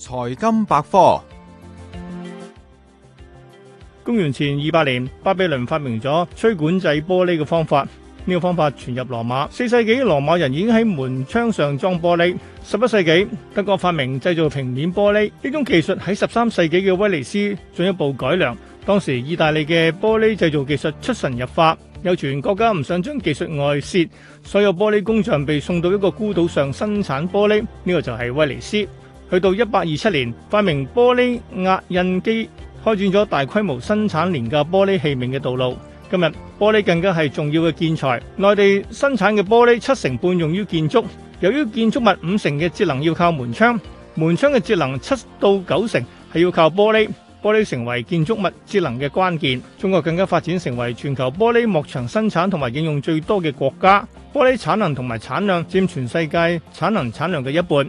財金百科。公元前二百年，巴比倫發明咗吹管製玻璃嘅方法。呢個方法傳入羅馬。四世紀，羅馬人已經喺門窗上裝玻璃。十一世紀，德國發明製造平面玻璃。呢種技術喺十三世紀嘅威尼斯進一步改良。當時，意大利嘅玻璃製造技術出神入化，有傳國家唔想將技術外洩，所有玻璃工匠被送到一個孤島上生產玻璃。呢個就係威尼斯。去到一八二七年，發明玻璃壓印機，開展咗大規模生產廉價玻璃器皿嘅道路。今日玻璃更加係重要嘅建材。內地生產嘅玻璃七成半用於建築，由於建築物五成嘅節能要靠門窗，門窗嘅節能七到九成係要靠玻璃，玻璃成為建築物節能嘅關鍵，中國更加發展成為全球玻璃幕牆生產同埋應用最多嘅國家，玻璃產能同埋產量佔全世界產能產量嘅一半。